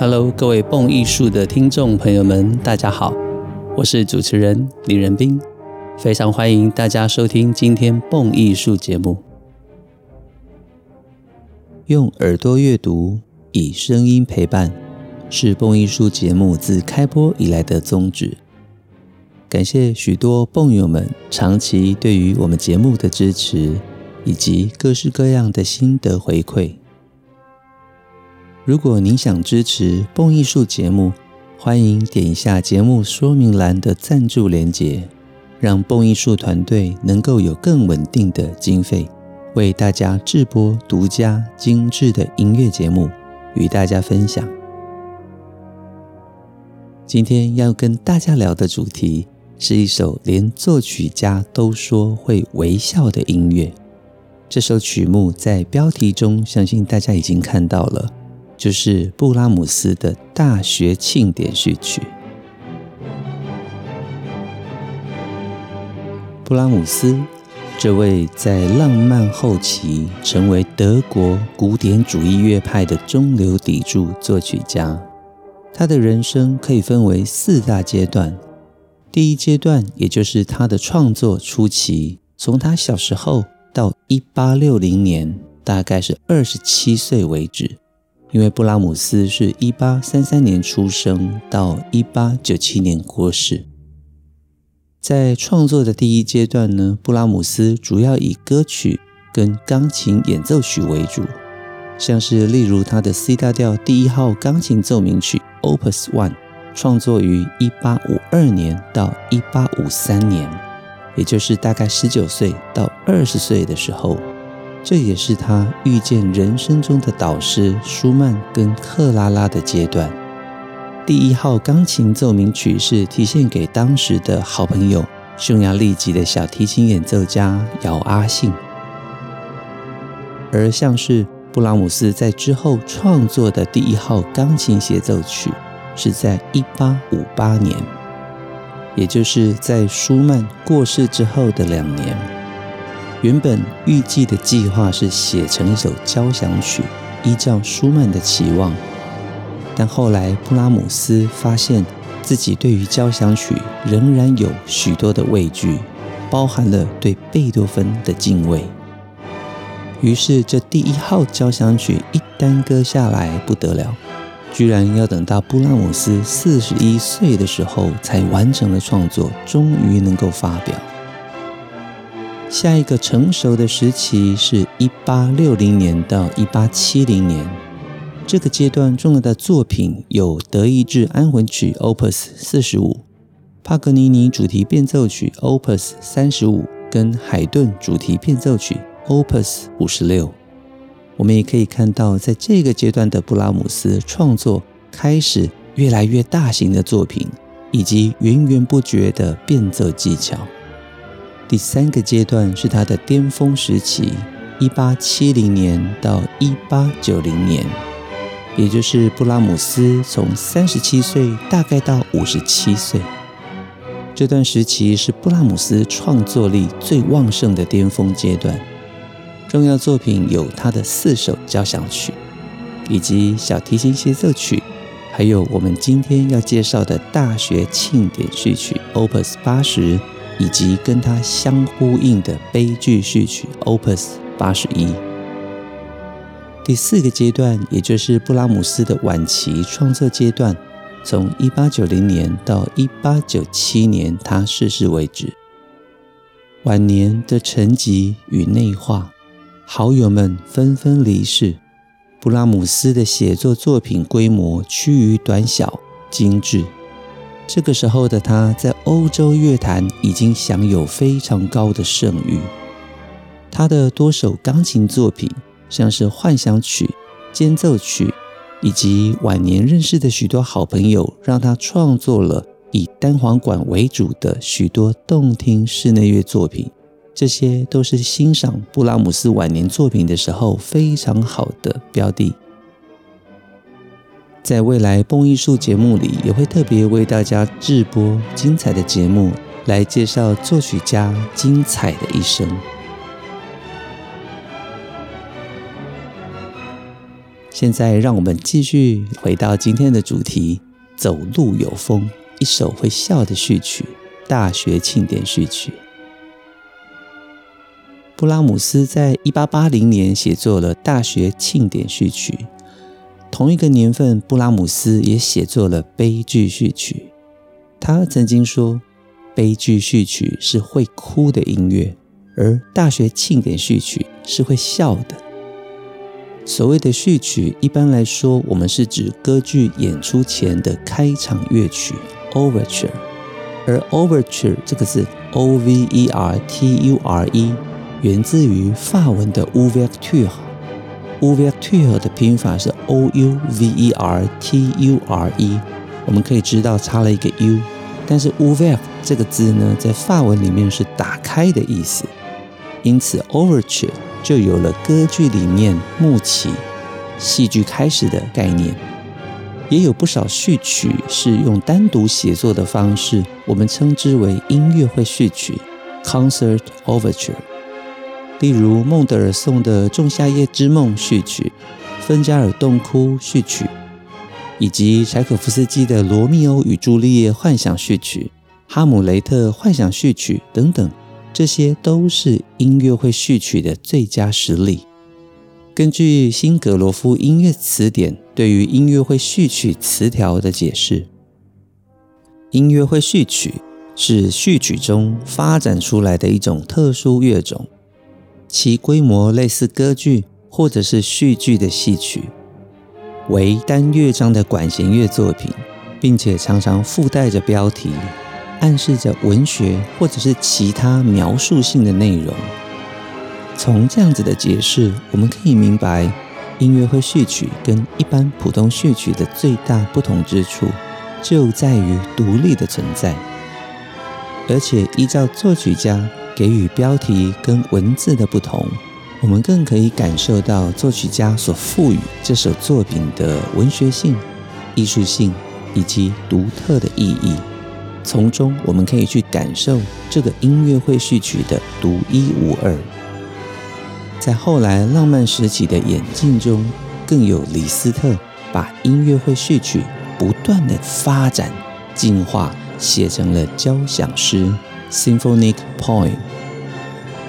Hello，各位蹦藝術的聽眾朋友們，大家好，我是主持人林仁斌，非常歡迎大家收聽今天蹦藝術節目。用耳朵閱讀，以聲音陪伴，是蹦藝術節目自開播以來的宗旨。感謝許多蹦友們長期對於我們節目的支持，以及各式各樣的心得回饋。如果您想支持蹦藝術節目，歡迎點一下節目說明欄的贊助鏈接，讓蹦藝術團隊能夠有更穩定的經費，為大家制播獨家精致的音樂節目，與大家分享。今天要跟大家聊的主題是一首連作曲家都說會微笑的音樂。這首曲目在標題中，相信大家已經看到了。就是布拉姆斯的《大學慶典序曲》。布拉姆斯這位在浪漫後期成為德國古典主義樂派的中流砥柱作曲家，他的人生可以分為四大階段。第一階段，也就是他的創作初期，從他小時候到一八六零年，大概是二十七歲為止。因為布拉姆斯是一八三三年出生到一八九七年過世，在創作的第一階段呢，布拉姆斯主要以歌曲跟鋼琴演奏曲為主，像是例如他的 C 大調第一號鋼琴奏鳴曲 Opus One，創作於一八五二年到一八五三年，也就是大概十九歲到二十歲的時候。這也是他遇見人生中的導師舒曼跟克拉拉的階段。第一號鋼琴奏鳴曲是題獻給當時的好朋友匈牙利籍的小提琴演奏家姚阿信，而像是布拉姆斯在之後創作的第一號鋼琴協奏曲，是在一八五八年，也就是在舒曼過世之後的兩年。原本預計的計劃是寫成一首交響曲，依照舒曼的期望。但後來布拉姆斯發現自己對於交響曲仍然有許多的畏懼，包含了對貝多芬的敬畏。於是這第一號交響曲一耽擱下來不得了，居然要等到布拉姆斯四十一歲的時候才完成了創作，終於能夠發表。下一個成熟的時期是1860年到1870年，這個階段重要的作品有德意志安魂曲 Opus 45、帕格尼尼主題變奏曲 Opus 35、跟海頓主題變奏曲 Opus 56。我們也可以看到，在這個階段的布拉姆斯創作開始越來越大型的作品，以及源源不絕的變奏技巧。第三個階段是他的巔峰時期，一八七零年到一八九零年，也就是布拉姆斯從三十七歲大概到五十七歲，這段時期是布拉姆斯創作力最旺盛的巔峰階段。重要作品有他的四首交響曲，以及小提琴協奏曲，還有我們今天要介紹的大學慶典序曲 Opus 八十。以及跟他相呼應的悲劇序曲 Opus 八十一。第四個階段，也就是布拉姆斯的晚期創作階段，從一八九零年到一八九七年他逝世為止。晚年的沉寂與內化，好友們紛紛離世，布拉姆斯的寫作作品規模趨於短小精緻。這個時候的他在歐洲樂壇已經享有非常高的聲譽。他的多首鋼琴作品，像是幻想曲、間奏曲，以及晚年認識的許多好朋友，讓他創作了以單簧管為主的許多動聽室內樂作品。這些都是欣賞布拉姆斯晚年作品的時候非常好的標的。在未來蹦藝術節目裡，也會特別為大家製播精彩的節目，來介紹作曲家精彩的一生。現在，讓我們繼續回到今天的主題：走路有風，一首會笑的序曲——大學慶典序曲。布拉姆斯在一八八零年寫作了《大學慶典序曲》。同一個年份，布拉姆斯也寫作了悲劇序曲。他曾經說，悲劇序曲是會哭的音樂，而大學慶典序曲是會笑的。所謂的序曲，一般來說，我們是指歌劇演出前的開場樂曲 （Overture）。而 Overture 這個字 （O V E R T U R E） 源自於法文的 ouverture。u v e r t u r e 的拼法是 O U V E R T U R E，我們可以知道差了一個 U。但是 u v e r 這個字呢，在法文裡面是“打開”的意思，因此 Overture 就有了歌劇裡面幕起戲劇開始的概念。也有不少序曲是用單獨寫作的方式，我們稱之為音樂會序曲 （Concert Overture）。Con 例如，孟德爾頌的《仲夏夜之夢》序曲、芬加爾洞窟序曲，以及柴可夫斯基的《羅密歐與朱麗葉》幻想序曲、《哈姆雷特》幻想序曲等等，這些都是音樂會序曲的最佳實例。根據新格羅夫音樂詞典對於音樂會序曲詞條的解釋，音樂會序曲是序曲中發展出來的一種特殊樂種。其規模類似歌劇或者是戲劇的序曲，為單樂章的管弦樂作品，並且常常附帶着標題，暗示着文學或者是其他描述性的內容。從這樣子的解釋，我們可以明白音樂會序曲跟一般普通序曲的最大不同之處，就在於獨立的存在，而且依照作曲家，給予標題跟文字的不同，我們更可以感受到作曲家所賦予這首作品的文學性、藝術性以及獨特的意義。從中，我們可以去感受這個音樂會序曲的獨一無二。在後來浪漫時期的演進中，更有李斯特把音樂會序曲不斷的發展、進化，寫成了交響詩。Symphonic Poem，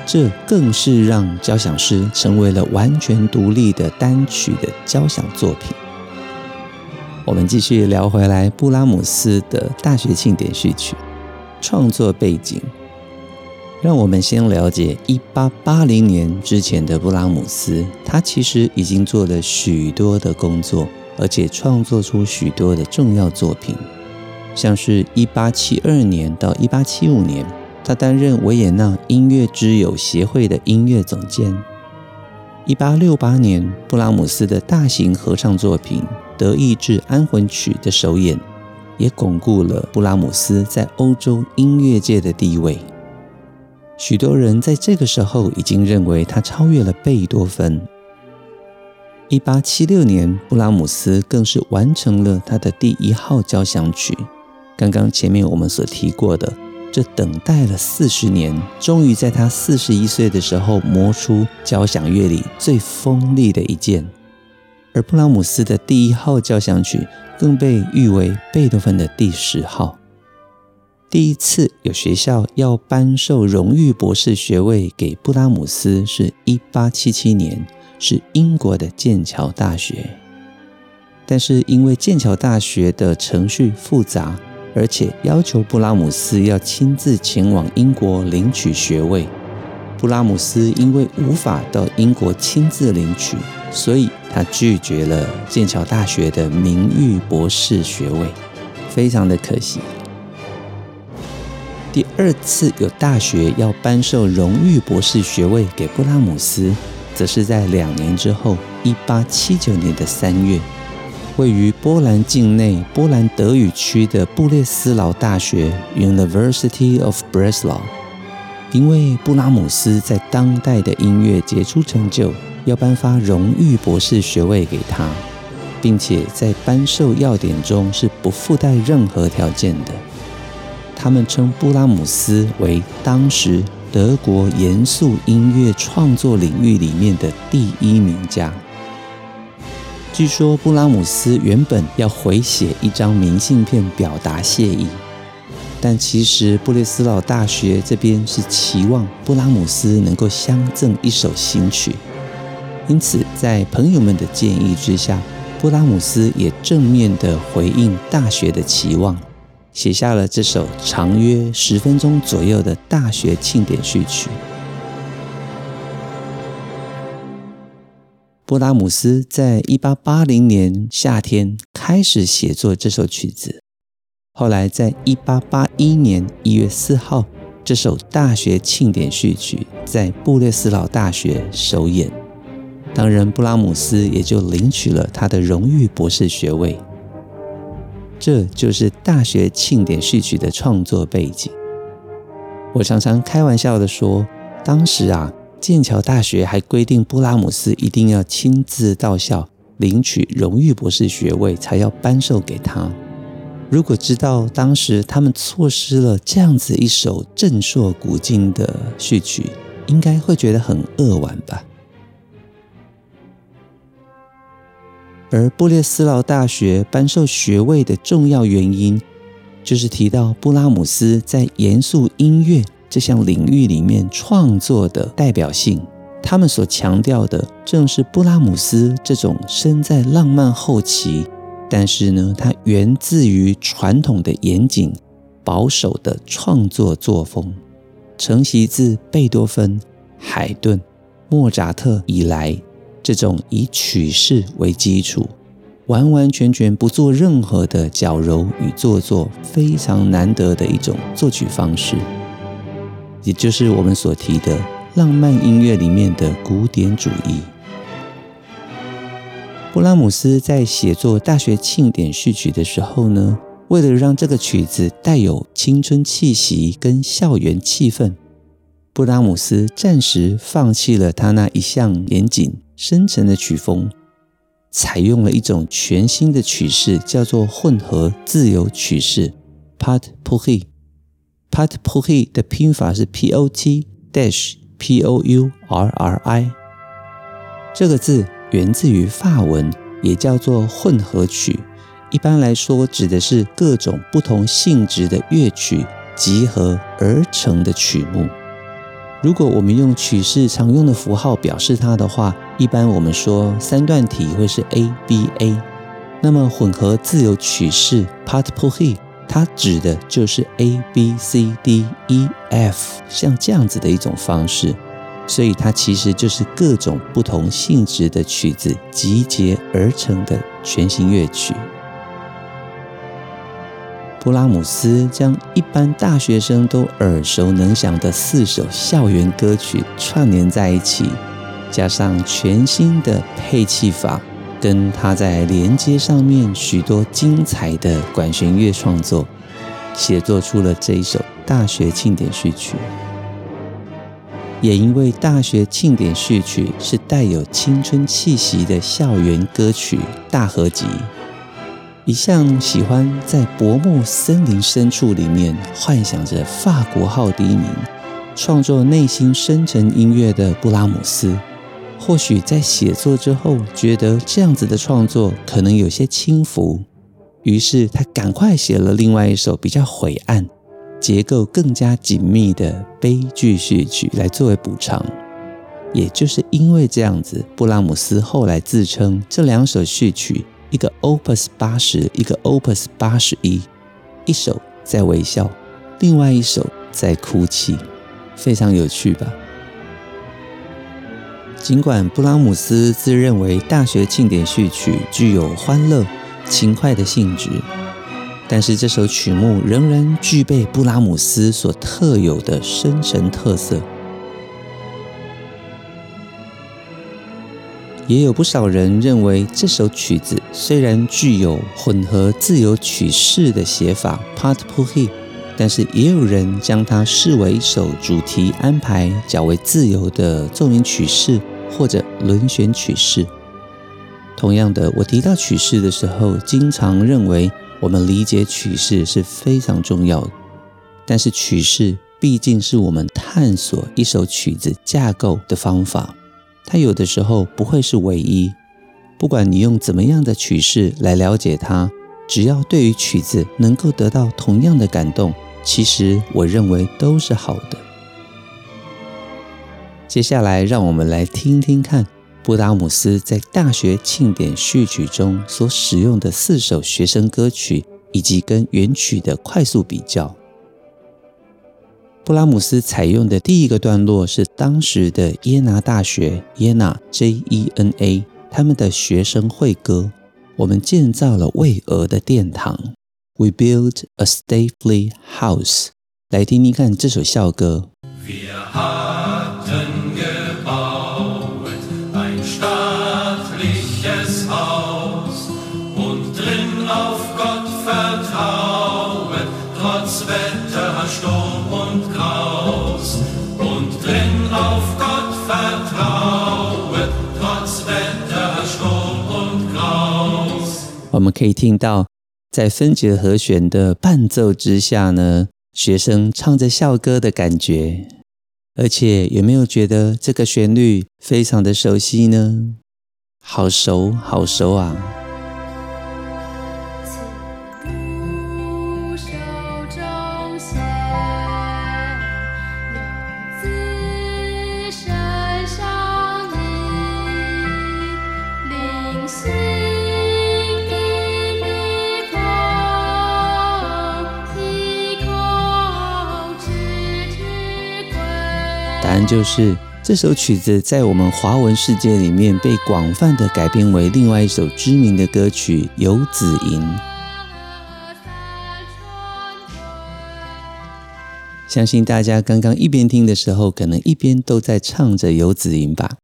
這更是讓交響詩成為了完全獨立的單曲的交響作品。我們繼續聊回來，布拉姆斯的大學慶典序曲創作背景。讓我們先了解1880年之前的布拉姆斯，他其實已經做了許多的工作，而且創作出許多的重要作品。像是1872年到1875年，他擔任維也納音樂之友協會的音樂總監。1868年，布拉姆斯的大型合唱作品《德意志安魂曲》的首演，也鞏固了布拉姆斯在歐洲音樂界的地位。許多人在這個時候已經認為他超越了貝多芬。1876年，布拉姆斯更是完成了他的第一號交響曲。剛剛前面我們所提過的，這等待了四十年，終於在他四十一歲的時候磨出交響樂裡最鋒利的一劍。而布拉姆斯的第一號交響曲更被譽為貝多芬的第十號。第一次有學校要頒授榮譽博士學位給布拉姆斯是一八七七年，是英國的劍橋大學。但是因為劍橋大學的程序複雜。而且要求布拉姆斯要親自前往英國領取學位。布拉姆斯因為無法到英國親自領取，所以他拒絕了劍橋大學的名譽博士學位，非常的可惜。第二次有大學要頒授榮譽博士學位給布拉姆斯，則是在兩年之後，一八七九年的三月。位於波蘭境內波蘭德語區的布列斯勞大學 （University of Breslau），因為布拉姆斯在當代的音樂傑出成就，要頒發榮譽博士學位給他，並且在頒授要點中是不附帶任何條件的。他們稱布拉姆斯為當時德國嚴肅音樂創作領域裡面的第一名家。據說布拉姆斯原本要回寫一張明信片表達謝意，但其實布列斯勞大學這邊是期望布拉姆斯能夠相贈一首新曲，因此在朋友們的建議之下，布拉姆斯也正面的回應大學的期望，寫下了這首長約十分鐘左右的大學慶典序曲，曲。布拉姆斯在一八八零年夏天開始寫作這首曲子，後來在一八八一年一月四號，這首大學慶典序曲在布列斯勞大學首演。當然，布拉姆斯也就領取了他的榮譽博士學位。這就是大學慶典序曲的創作背景。我常常開玩笑地說，當時啊。劍橋大學還規定，布拉姆斯一定要親自到校領取榮譽博士學位，才要頒授給他。如果知道當時他們錯失了這樣子一首震爍古今的序曲，應該會覺得很扼腕吧。而布列斯勞大學頒授學位的重要原因，就是提到布拉姆斯在嚴肅音樂，這項領域裡面創作的代表性，他們所強調的正是布拉姆斯這種身在浪漫後期，但是呢，它源自於傳統的嚴謹保守的創作作風，承襲自貝多芬、海頓、莫扎特以來，這種以曲式為基礎，完完全全不做任何的矯揉與做作，非常難得的一種作曲方式。也就是我們所提的浪漫音樂裡面的古典主義。布拉姆斯在寫作大學慶典序曲的時候呢，為了讓這個曲子帶有青春氣息跟校園氣氛，布拉姆斯暫時放棄了他那一向嚴謹深沉的曲風，採用了一種全新的曲式，叫做混合自由曲式 （Pot-pourri）。Pot-pourri 的拼法是 P-O-T-DASH P-O-U-R-R-I。這個字源自於法文，也叫做混合曲。一般來說，指的是各種不同性質的樂曲集合而成的曲目。如果我們用曲式常用的符號表示它的話，一般我們說三段體會是 A-B-A。那麼混合自由曲式 Pot-pourri。Pot 它指的就是 A B C D E F，像這樣子的一種方式，所以它其實就是各種不同性質的曲子集結而成的全新樂曲。布拉姆斯將一般大學生都耳熟能詳的四首校園歌曲串聯在一起，加上全新的配器法。跟他在連接上面許多精彩的管弦樂創作，寫作出了這一首大學慶典序曲。也因為大學慶典序曲是帶有青春氣息的校園歌曲大合集，一向喜歡在薄暮森林深處裡面幻想着法國號低鳴創作內心深沉音樂的布拉姆斯。或許在寫作之後，覺得這樣子的創作可能有些輕浮，於是他趕快寫了另外一首比較晦暗、結構更加緊密的悲劇序曲來作為補償。也就是因為這樣子，布拉姆斯後來自稱這兩首序曲，一個 Opus 八十，一個 Opus 八十一，一首在微笑，另外一首在哭泣，非常有趣吧。儘管布拉姆斯自認為《大學慶典序曲》具有歡樂、輕快的性質，但是這首曲目仍然具備布拉姆斯所特有的深沉特色。也有不少人認為，這首曲子雖然具有混合自由曲式的寫法 （Potpourri），但是也有人將它視為一首主題安排較為自由的奏鳴曲式。或者輪旋曲式，同樣的，我提到曲式的時候，經常認為我們理解曲式是非常重要的，但是曲式畢竟是我們探索一首曲子架構的方法，它有的時候不會是唯一。不管你用怎麼樣的曲式來了解它，只要對於曲子能夠得到同樣的感動，其實我認為都是好的。接下來，讓我們來聽聽看布拉姆斯在大學慶典序曲中所使用的四首學生歌曲，以及跟原曲的快速比較。布拉姆斯採用的第一個段落是當時的耶拿大學（耶拿 J E N A） 他們的學生會歌。我們建造了巍峨的殿堂，We build a stately house。來聽聽看這首校歌。We are 我們可以聽到，在分解和弦的伴奏之下呢，學生唱着校歌的感覺，而且有沒有覺得這個旋律非常的熟悉呢？好熟，好熟啊！就是這首曲子在我們華文世界裡面被廣泛的改編為另外一首知名的歌曲《遊子吟》。相信大家剛剛一邊聽的時候，可能一邊都在唱着《遊子吟》吧。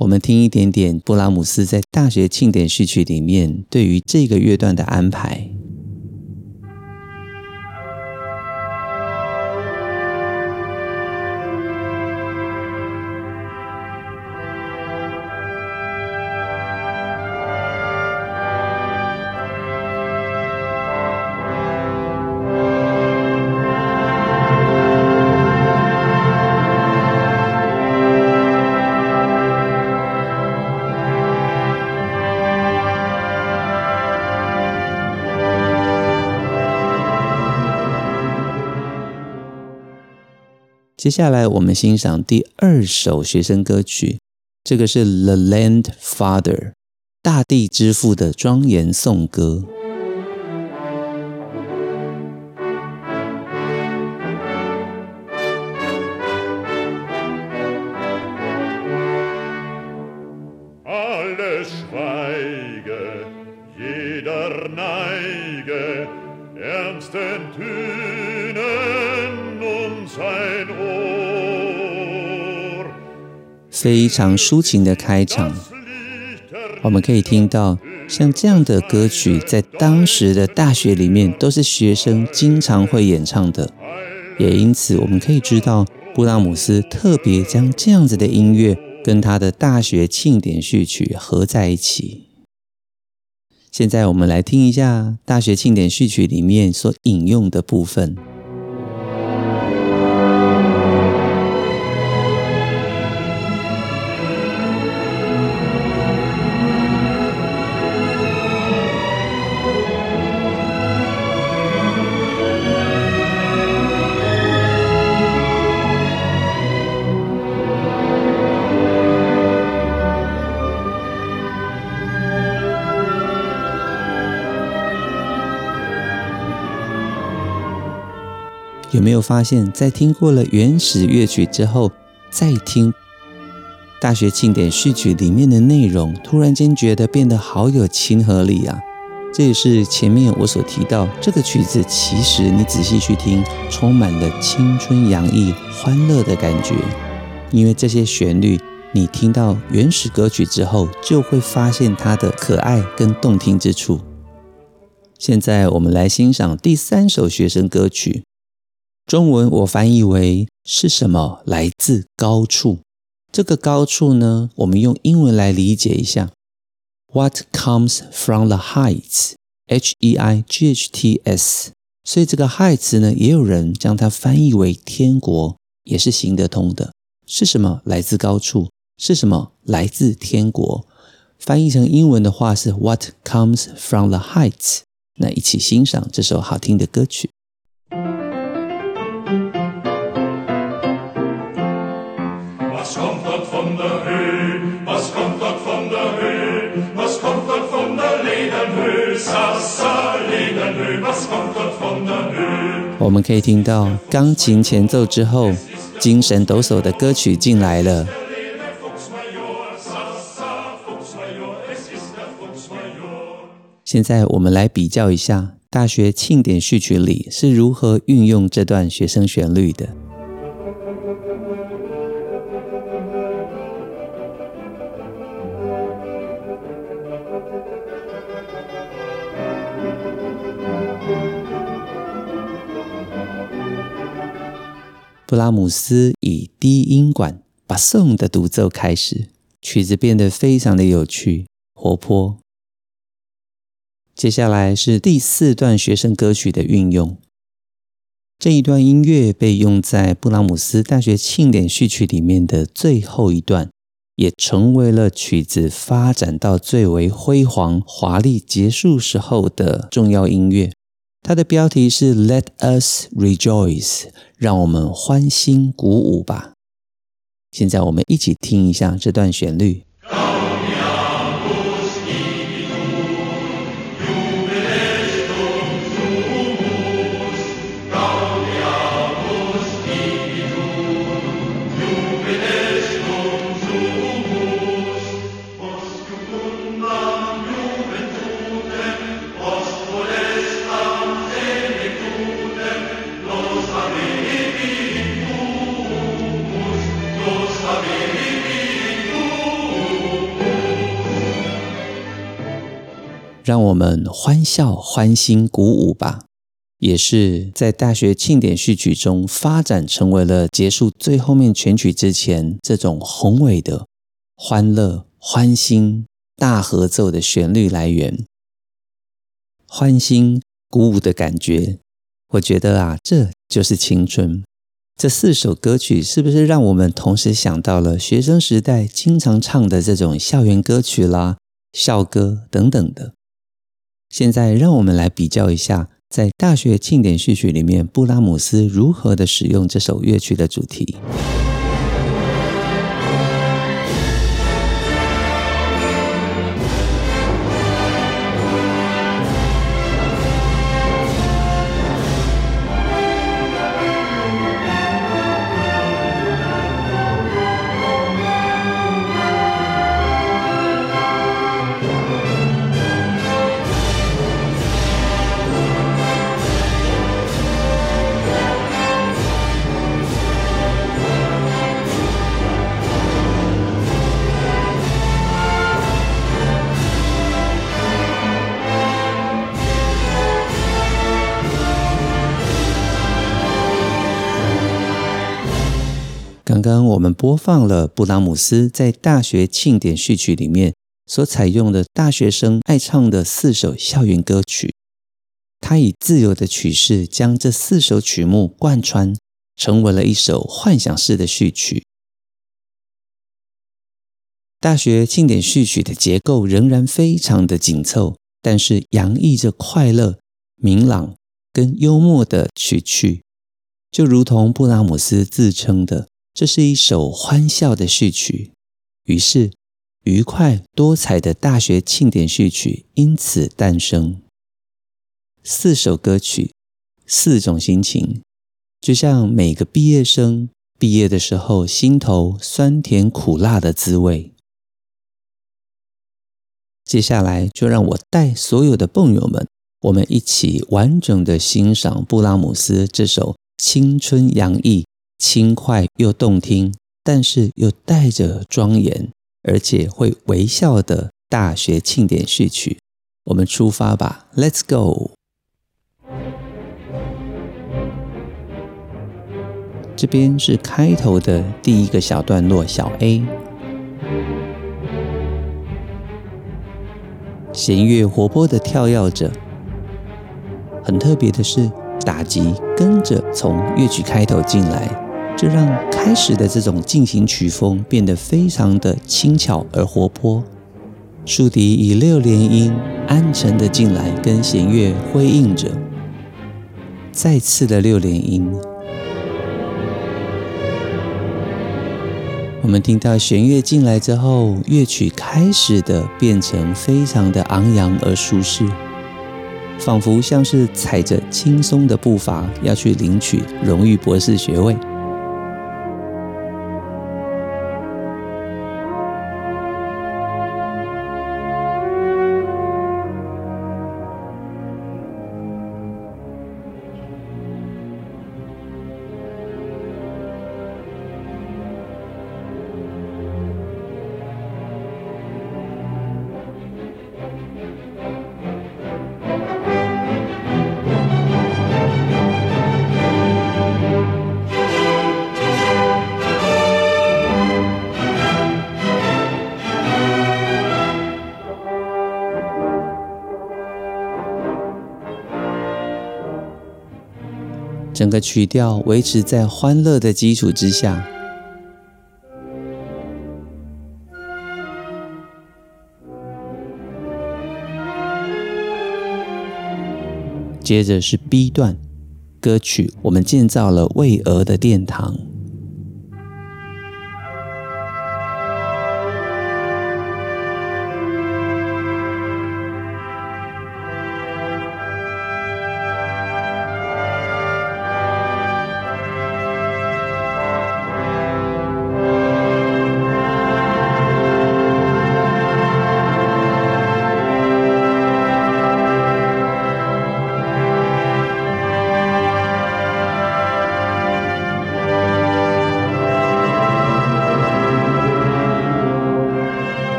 我們聽一點點布拉姆斯在大學慶典序曲裡面對於這個樂段的安排。接下來，我們欣賞第二首學生歌曲，這個是《The Land Father》，大地之父的莊嚴頌歌。非常抒情的開場，我們可以聽到像這樣的歌曲，在當時的大學裡面都是學生經常會演唱的。也因此，我們可以知道，布拉姆斯特別將這樣子的音樂跟他的大學慶典序曲合在一起。現在，我們來聽一下大學慶典序曲裡面所引用的部分。沒有發現，在聽過了原始樂曲之後，再聽大學慶典序曲裡面的內容，突然間覺得變得好有親和力啊！這也是前面我所提到，這個曲子其實你仔細去聽，充滿了青春洋溢、歡樂的感覺。因為這些旋律，你聽到原始歌曲之後，就會發現它的可愛跟動聽之處。現在我們來欣賞第三首學生歌曲。中文我翻譯為是什麼來自高處？這個高處呢？我們用英文來理解一下：What comes from the heights？H-E-I-G-H-T-S。所以這個 heights 呢，也有人將它翻譯為天國，也是行得通的。是什麼來自高處？是什麼來自天國？翻譯成英文的話是 What comes from the heights？那一起欣賞這首好聽的歌曲。我們可以聽到鋼琴前奏之後，精神抖擻的歌曲進來了。現在我們來比較一下大學慶典序曲裡是如何運用這段學生旋律的。布拉姆斯以低音管巴頌的獨奏開始，曲子變得非常的有趣、活潑。接下來是第四段學生歌曲的運用，這一段音樂被用在布拉姆斯大學慶典序曲裡面的最後一段，也成為了曲子發展到最為輝煌、華麗結束時候的重要音樂。它的標題是 “Let us rejoice”，讓我們歡欣鼓舞吧。現在我們一起聽一下這段旋律。讓我們歡笑、歡欣鼓舞吧，也是在大學慶典序曲中發展成為了結束最後面全曲之前這種宏偉的歡樂、歡欣大合奏的旋律來源。歡欣鼓舞的感覺，我覺得啊，這就是青春。這四首歌曲是不是讓我們同時想到了學生時代經常唱的這種校園歌曲啦、校歌等等的？現在，讓我們來比較一下，在大學慶典序曲裡面，布拉姆斯如何的使用這首樂曲的主題。剛剛我們播放了布拉姆斯在大學慶典序曲裡面所採用的大學生愛唱的四首校園歌曲，他以自由的曲式將這四首曲目貫穿，成為了一首幻想式的序曲。大學慶典序曲的結構仍然非常的緊湊，但是洋溢着快樂、明朗跟幽默的曲趣，就如同布拉姆斯自稱的。這是一首歡笑的序曲，於是愉快多彩的大學慶典序曲因此誕生。四首歌曲，四種心情，就像每個畢業生畢業的時候，心頭酸甜苦辣的滋味。接下來就讓我帶所有的蹦友們，我們一起完整的欣賞布拉姆斯這首青春洋溢、輕快又動聽，但是又帶着莊嚴，而且會微笑的大學慶典序曲。我們出發吧，Let's go！這邊是開頭的第一個小段落，小 A，弦樂活潑的跳躍着。很特別的是。打擊跟着從樂曲開頭進來，這讓開始的這種進行曲風變得非常的輕巧而活潑。豎笛以六連音暗沉的進來，跟弦樂呼應着。再次的六連音，我們聽到弦樂進來之後，樂曲開始的變成非常的昂揚而舒適。仿佛像是踩着輕鬆的步伐，要去領取榮譽博士學位。整個曲調維持在歡樂的基礎之下，接着是 B 段歌曲，我們建造了巍峨的殿堂。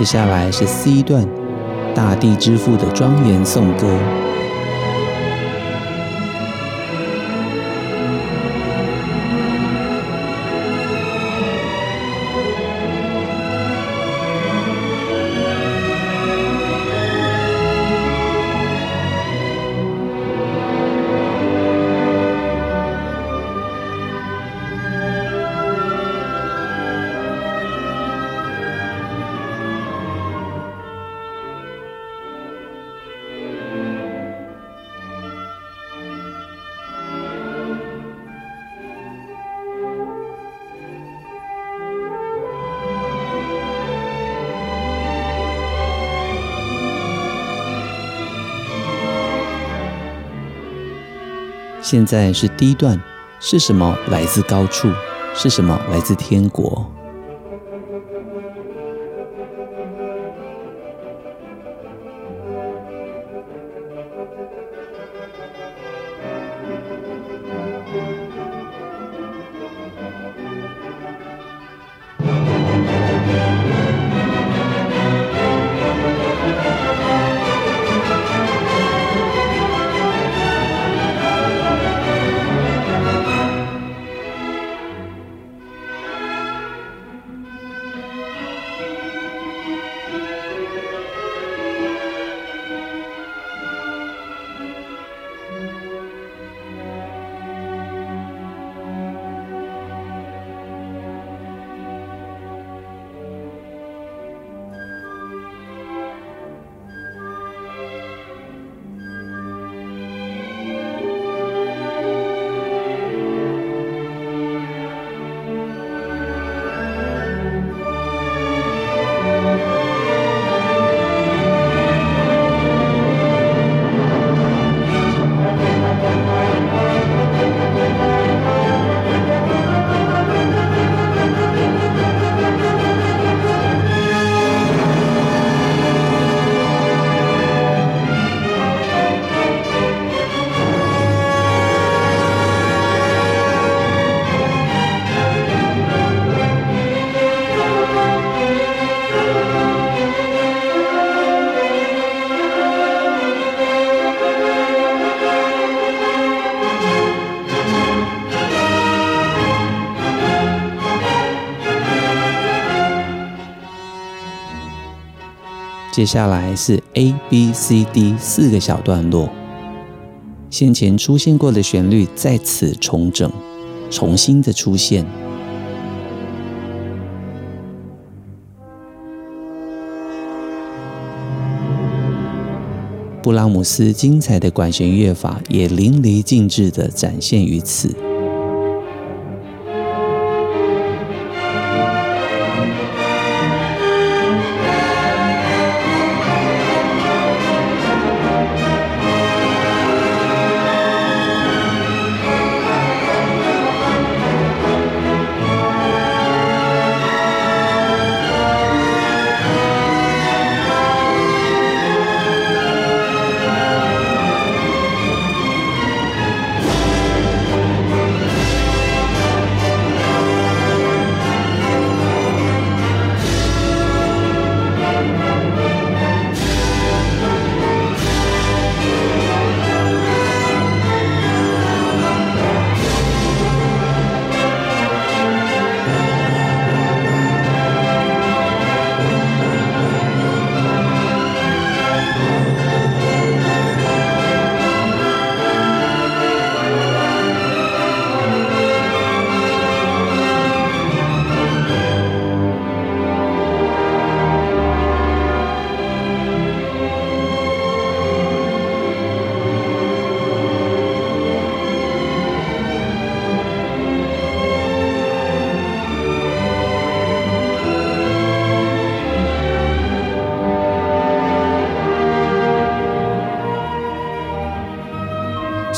接下來是 C 段，大地之父的莊嚴頌歌。現在是低段，是什麼來自高處？是什麼來自天國？接下來是 A B C D 四個小段落，先前出現過的旋律再次重整，重新的出現。布拉姆斯精彩的管弦樂法也淋漓盡致的展現於此。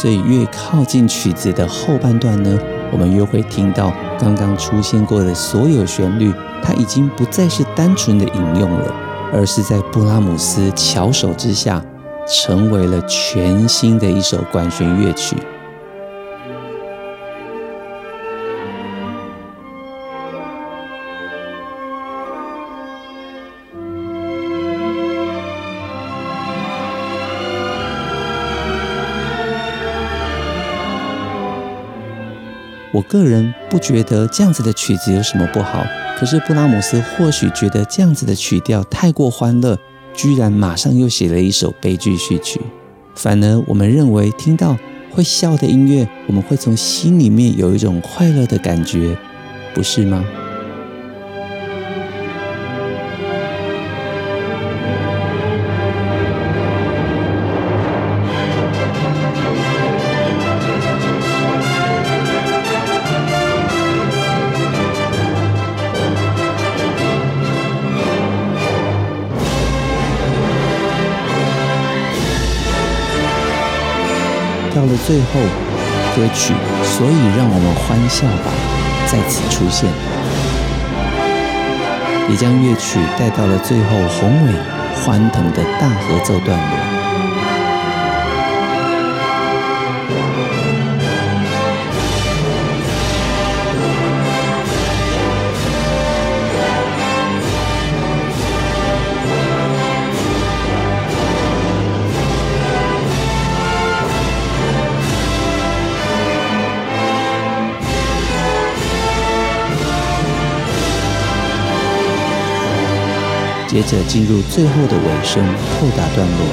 所以越靠近曲子的後半段呢，我們越會聽到剛剛出現過的所有旋律，它已經不再是單純的引用了，而是在布拉姆斯巧手之下，成為了全新的一首管弦樂曲。我個人不覺得這樣子的曲子有什麼不好，可是布拉姆斯或許覺得這樣子的曲調太過歡樂，居然馬上又寫了一首悲劇序曲。反而我們認為聽到會笑的音樂，我們會從心裡面有一種快樂的感覺，不是嗎？到了最後，歌曲，所以讓我們歡笑吧，再次出現，也將樂曲帶到了最後宏偉、歡騰的大合奏段落。接着進入最後的尾聲、扣打段落。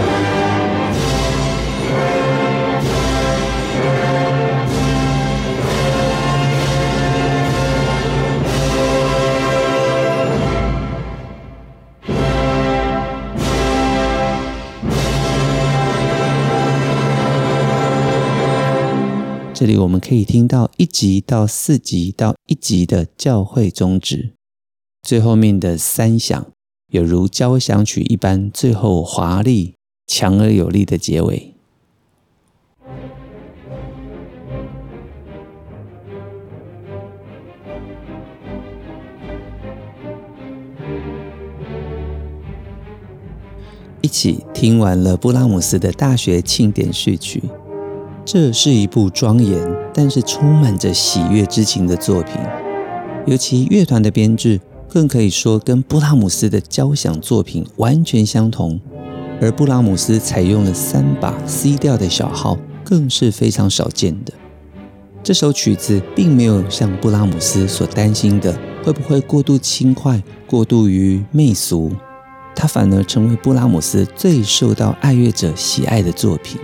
這裡我們可以聽到一級到四級到一級的教會終止，最後面的三響。有如交響曲一般，最後華麗、強而有力的結尾。一起聽完了布拉姆斯的《大學慶典序曲》，這是一部莊嚴，但是充滿着喜悅之情的作品，尤其樂團的編制。更可以說跟布拉姆斯的交響作品完全相同，而布拉姆斯採用了三把 C 調的小號，更是非常少見的。這首曲子並沒有像布拉姆斯所擔心的會不會過度輕快、過度於媚俗，它反而成為布拉姆斯最受到愛樂者喜愛的作品。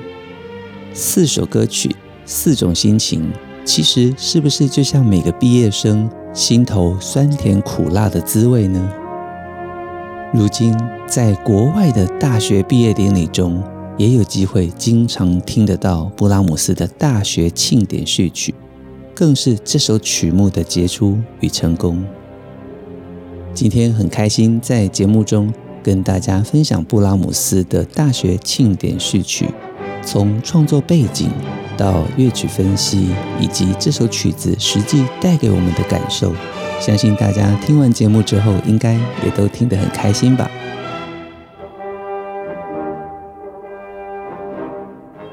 四首歌曲，四種心情，其實是不是就像每個畢業生？心頭酸甜苦辣的滋味呢？如今在國外的大學畢業典禮中，也有機會經常聽得到布拉姆斯的《大學慶典序曲》，更是這首曲目的傑出與成功。今天很開心在節目中跟大家分享布拉姆斯的《大學慶典序曲》，從創作背景，到樂曲分析，以及這首曲子實際帶給我們的感受，相信大家聽完節目之後，應該也都聽得很開心吧。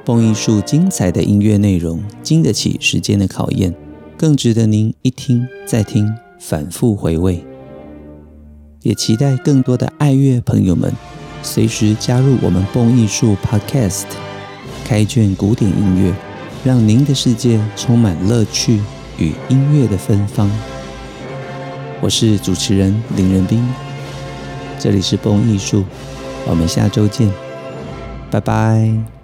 蹦藝術精彩的音樂內容，經得起時間的考驗，更值得您一聽再聽，反覆回味。也期待更多的愛樂朋友們，隨時加入我們蹦藝術 Podcast，開卷古典音樂。讓您的世界充滿樂趣與音樂的芬芳。我是主持人林仁斌，這裡是蹦藝術，我們下周見，拜拜。